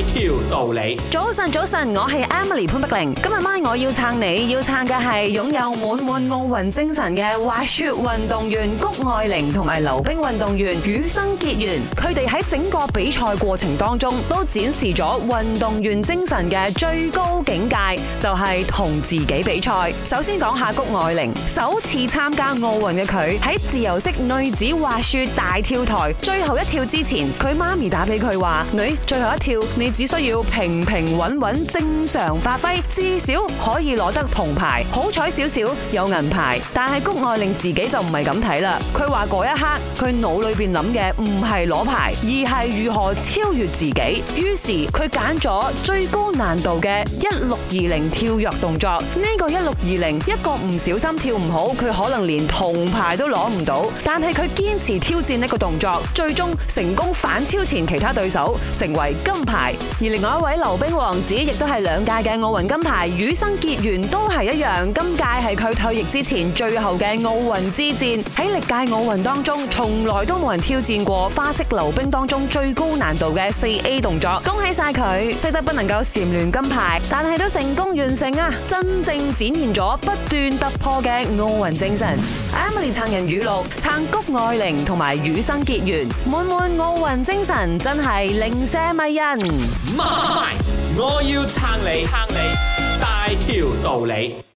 一道理。早晨，早晨，我係 Emily 潘碧玲。今日 m 我要撐你，要撐嘅係擁有滿滿奧運精神嘅滑雪運動員谷愛玲同埋溜冰運動員羽生結弦。佢哋喺整個比賽過程當中都展示咗運動員精神嘅最高境界，就係同自己比賽。首先講下谷愛玲，首次參加奧運嘅佢喺自由式女子滑雪大跳台最後一跳之前，佢媽咪打俾佢話：女，最後一跳。你只需要平平穩穩正常發揮，至少可以攞得銅牌。好彩少少有銀牌，但係谷愛玲自己就唔係咁睇啦。佢話嗰一刻佢腦裏邊諗嘅唔係攞牌，而係如何超越自己。於是佢揀咗最高難度嘅一六二零跳躍動作。呢個一六二零一個唔小心跳唔好，佢可能連銅牌都攞唔到。但係佢堅持挑戰呢個動作，最終成功反超前其他對手，成為金牌。而另外一位溜冰王子亦都係兩屆嘅奧運金牌，與生結緣都係一樣。今屆係佢退役之前最後嘅奧運之戰。喺歷屆奧運當中，從來都冇人挑戰過花式溜冰當中最高難度嘅四 A 動作。恭喜晒佢，雖則不能夠蟬聯金牌，但係都成功完成啊！真正展現咗不斷突破嘅奧運精神 Amily 撐。Emily 撐人語錄，撐谷愛凌同埋與生結緣，滿滿奧運精神，真係零舍迷人。.媽咪，我要撐你，撐你大條道理。